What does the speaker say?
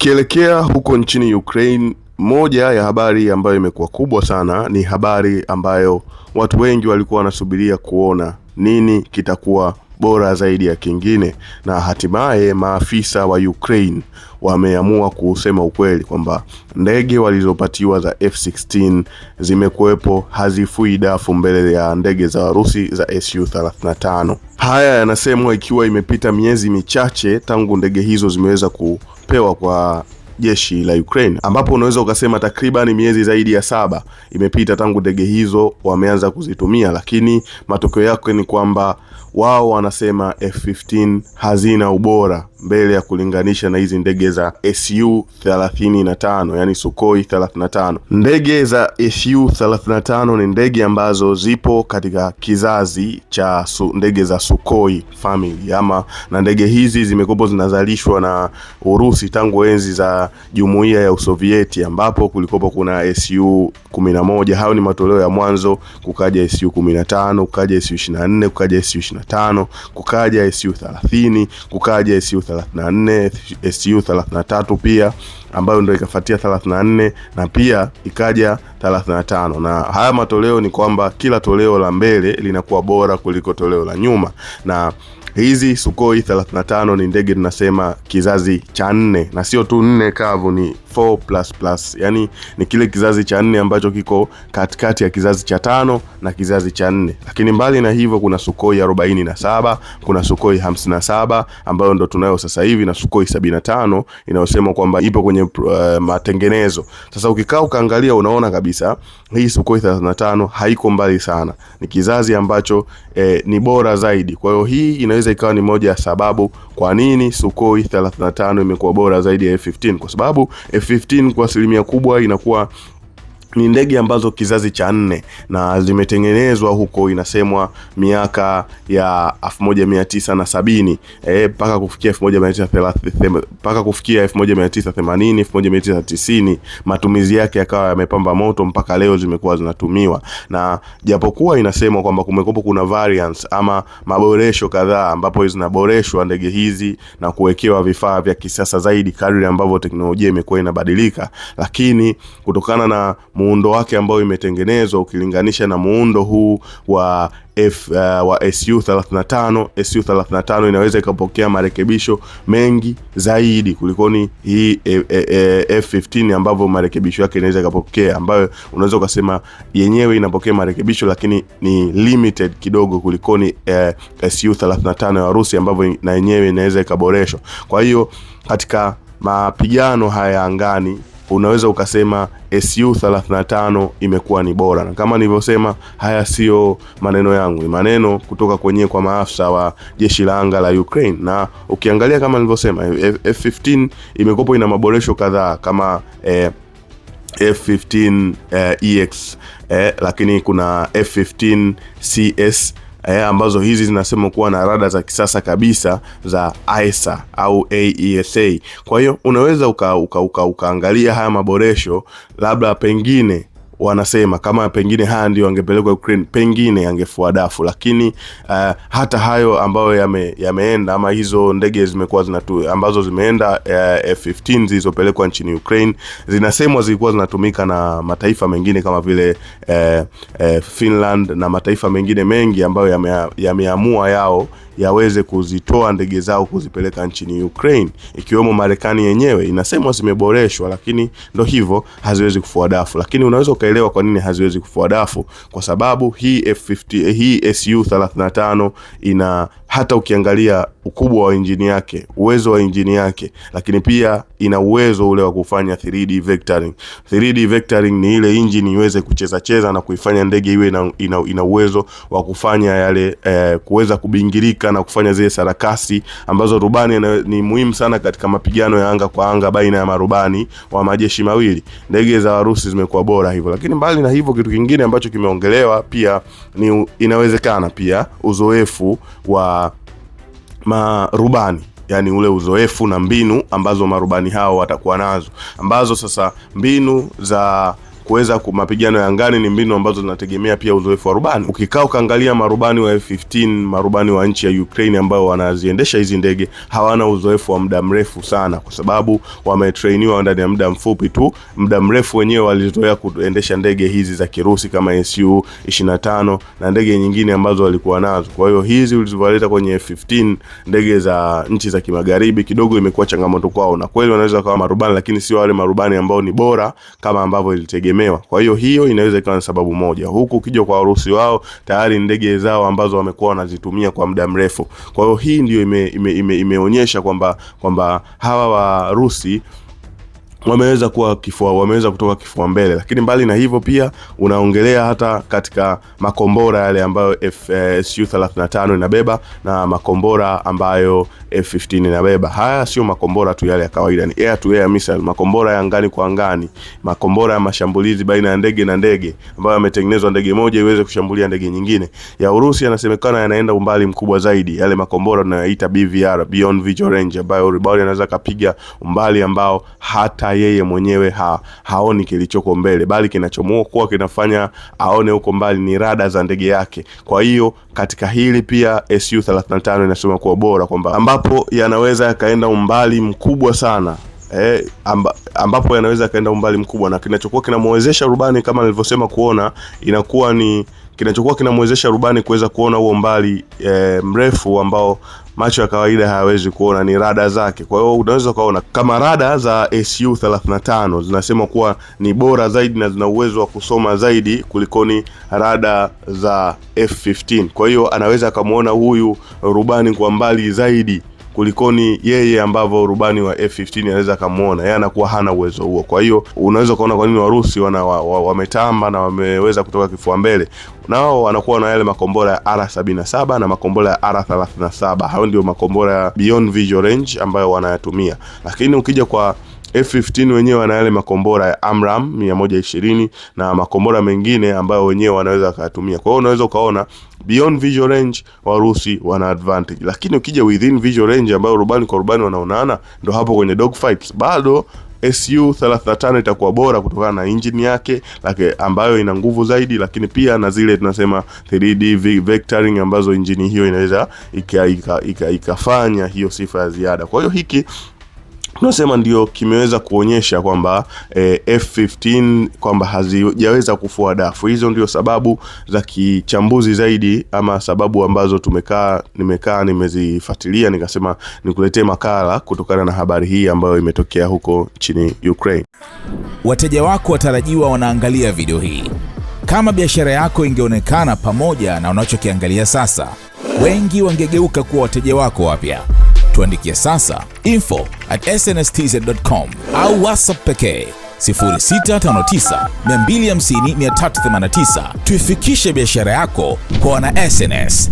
Tukielekea huko nchini Ukraine, moja ya habari ambayo imekuwa kubwa sana ni habari ambayo watu wengi walikuwa wanasubiria kuona nini kitakuwa bora zaidi ya kingine, na hatimaye maafisa wa Ukraine wameamua kusema ukweli kwamba ndege walizopatiwa za F-16 zimekuwepo hazifui dafu mbele ya ndege za Warusi za Su-35. Haya yanasemwa ikiwa imepita miezi michache tangu ndege hizo zimeweza kupewa kwa jeshi la Ukraine, ambapo unaweza ukasema takriban miezi zaidi ya saba imepita tangu ndege hizo wameanza kuzitumia, lakini matokeo yake ni kwamba wao wanasema F-15 hazina ubora mbele ya kulinganisha na hizi ndege za Su 35, yani Sukhoi 35. Ndege za Su 35 ni ndege ambazo zipo katika kizazi cha su, ndege za Sukhoi family ama, na ndege hizi zimekuwa zinazalishwa na Urusi tangu enzi za jumuiya ya Usovieti ambapo kulikopo kuna SU 11. Hayo ni matoleo ya mwanzo, kukaja SU 15, kukaja SU 24, kukaja SU 25, kukaja SU 30, kukaja SU 34, SU 33 pia ambayo ndio ikafuatia 34 na pia ikaja 35. Na haya matoleo ni kwamba kila toleo la mbele linakuwa bora kuliko toleo la nyuma na Hizi Sukhoi 35 ni ndege tunasema kizazi cha nne, na sio tu nne kavu, ni 4 plus plus, yani ni kile kizazi cha nne ambacho kiko katikati ya kizazi cha tano na kizazi cha nne. Lakini mbali na hivyo, kuna Sukhoi 47, kuna Sukhoi 57 ambayo ndo tunayo sasa hivi na Sukhoi 75 inayosema kwamba ipo kwenye uh, matengenezo. Sasa ukikaa ukaangalia, unaona kabisa hii Sukhoi 35 haiko mbali sana, ni kizazi ambacho eh, ni bora zaidi. Kwa hiyo hii ina inaweza ikawa ni moja ya sababu kwa nini Sukhoi 35 imekuwa bora zaidi ya F15 kwa sababu F15 kwa asilimia kubwa inakuwa ni ndege ambazo kizazi cha nne na zimetengenezwa huko, inasemwa miaka ya 1970 mpaka e, kufikia 1930 mpaka kufikia 1980 1990, matumizi yake yakawa yamepamba moto mpaka leo zimekuwa zinatumiwa, na japokuwa inasemwa kwamba kumekopo kuna variants ama maboresho kadhaa, ambapo zinaboreshwa ndege hizi na kuwekewa vifaa vya kisasa zaidi kadri ambavyo teknolojia imekuwa inabadilika, lakini kutokana na muundo wake ambao imetengenezwa ukilinganisha na muundo huu wa F, uh, wa SU 35 SU 35 inaweza ikapokea marekebisho mengi zaidi kulikoni hii e, e, e, F15 ambavyo marekebisho yake inaweza ikapokea, ambayo unaweza ukasema yenyewe inapokea marekebisho lakini ni limited kidogo kulikoni e, SU 35 ya Urusi ambavyo na yenyewe inaweza ikaboreshwa. Kwa hiyo katika mapigano haya angani unaweza ukasema SU 35 imekuwa ni bora, na kama nilivyosema, haya siyo maneno yangu, ni maneno kutoka kwenyewe kwa maafisa wa jeshi la anga la Ukraine. Na ukiangalia kama nilivyosema, F15 imekopo ina maboresho kadhaa kama eh, F15 eh, EX eh, lakini kuna F15 CS eh, ambazo hizi zinasema kuwa na rada za kisasa kabisa za AESA e au AESA. E Kwa hiyo unaweza uka, uka, uka, ukaangalia haya maboresho labda pengine wanasema kama pengine haya ndio angepelekwa Ukraine, pengine angefua dafu, lakini uh, hata hayo ambayo yame, yameenda ama hizo ndege zimekuwa zinatu ambazo zimeenda uh, F15 zilizopelekwa nchini Ukraine zinasemwa zilikuwa zinatumika na mataifa mengine kama vile uh, uh, Finland na mataifa mengine mengi ambayo yameamua yame yao yaweze kuzitoa ndege zao kuzipeleka nchini Ukraine, ikiwemo Marekani yenyewe inasemwa zimeboreshwa, lakini ndo hivyo haziwezi kufua dafu, lakini unaweza tunaelewa kwa nini haziwezi kufua dafu, kwa sababu hii F50, hii SU 35 ina hata ukiangalia ukubwa wa injini yake, uwezo wa injini yake, lakini pia ina uwezo ule wa kufanya 3D vectoring. 3D vectoring ni ile injini iweze kucheza cheza na kuifanya ndege iwe ina, ina, ina uwezo wa kufanya yale eh, kuweza kubingirika na kufanya zile sarakasi ambazo rubani na, ni muhimu sana katika mapigano ya anga kwa anga baina ya marubani wa majeshi mawili. Ndege za Warusi zimekuwa bora hivyo, lakini mbali na hivyo, kitu kingine ambacho kimeongelewa pia ni inawezekana pia uzoefu wa marubani yani ule uzoefu na mbinu ambazo marubani hao watakuwa nazo, ambazo sasa mbinu za kuweza mapigano ya angani ni mbinu ambazo zinategemea pia uzoefu wa rubani. Ukikaa ukaangalia marubani wa F-15, marubani wa nchi ya Ukraine ambao wanaziendesha hizi ndege hawana uzoefu wa muda mrefu sana, kwa sababu wametrainiwa ndani ya muda mfupi tu. Muda mrefu wenyewe walizoea kuendesha ndege hizi za Kirusi kama Su 25 na ndege nyingine ambazo walikuwa nazo. Kwa hiyo hizi ulizowaleta kwenye F-15, ndege za nchi za kimagharibi, kidogo imekuwa changamoto kwao, na kweli wanaweza kuwa marubani, lakini sio wale marubani ambao ni bora kama ambavyo ilitegemea kulemewa. Kwa hiyo hiyo inaweza ikawa ni sababu moja, huku ukija kwa Warusi wao tayari ndege zao ambazo wamekuwa wanazitumia kwa muda mrefu. Kwa hiyo hii ndio ime, ime, ime, imeonyesha kwamba kwamba hawa Warusi wameweza kuwa kifua wameweza kutoka kifua mbele, lakini mbali na hivyo pia unaongelea hata katika makombora yale ambayo F, eh, Su-35 inabeba na makombora ambayo F-15 inabeba. Haya sio makombora tu yale ya kawaida, ni air to air missile, makombora ya angani kwa angani, makombora ya mashambulizi baina ya ndege na ndege ambayo yametengenezwa ndege moja iweze kushambulia ndege nyingine. Ya Urusi yanasemekana yanaenda umbali mkubwa zaidi, yale makombora tunayoita BVR, Beyond Visual Range, ambayo ribao anaweza kapiga umbali ambao hata hata yeye mwenyewe ha, haoni kilichoko mbele, bali kinachomuokoa kinafanya aone huko mbali ni rada za ndege yake. Kwa hiyo katika hili pia SU 35 inasema kuwa bora kwamba ambapo yanaweza yakaenda umbali mkubwa sana Eh, amba, ambapo yanaweza yakaenda umbali mkubwa na kinachokuwa kinamwezesha rubani kama nilivyosema kuona inakuwa ni kinachokuwa kinamwezesha rubani kuweza kuona huo mbali e, mrefu ambao macho ya kawaida hayawezi kuona ni rada zake. Kwa hiyo unaweza ukaona kama rada za SU 35 zinasema kuwa ni bora zaidi na zina uwezo wa kusoma zaidi kulikoni rada za F15. Kwa hiyo anaweza akamwona huyu rubani kwa mbali zaidi kulikoni yeye ambavyo rubani wa F15 anaweza akamwona yeye anakuwa hana uwezo huo. Kwa hiyo unaweza ukaona kwa nini Warusi wana wametamba wa, wa na wameweza kutoka kifua mbele, nao wanakuwa na yale makombora ya R77 na makombora ya R37. Hayo ndio makombora ya Beyond Visual Range ambayo wanayatumia, lakini ukija kwa F15 wenyewe wana yale makombora ya Amram 120 na makombora mengine ambayo wenyewe wanaweza wakayatumia. Kwa hiyo unaweza ukaona beyond visual range Warusi wana advantage, lakini ukija within visual range ambayo rubani kwa rubani wanaonana, ndo hapo kwenye dogfights bado SU 35 itakuwa bora kutokana na engine yake lake ambayo ina nguvu zaidi, lakini pia na zile tunasema 3D vectoring ambazo engine hiyo inaweza ikafanya ika, ika, ika hiyo sifa ya ziada. Kwa hiyo hiki tunasema ndio kimeweza kuonyesha kwamba e, eh, F15 kwamba hazijaweza kufua dafu. Hizo ndio sababu za kichambuzi zaidi, ama sababu ambazo tumekaa nimekaa nimezifuatilia, nikasema nikuletee makala kutokana na habari hii ambayo imetokea huko nchini Ukraine. Wateja wako watarajiwa wanaangalia video hii. Kama biashara yako ingeonekana pamoja na unachokiangalia sasa, wengi wangegeuka kuwa wateja wako wapya. Tuandikie sasa info at snstz.com au WhatsApp pekee 0659 250 Tuifikishe biashara yako kwa wana SNS.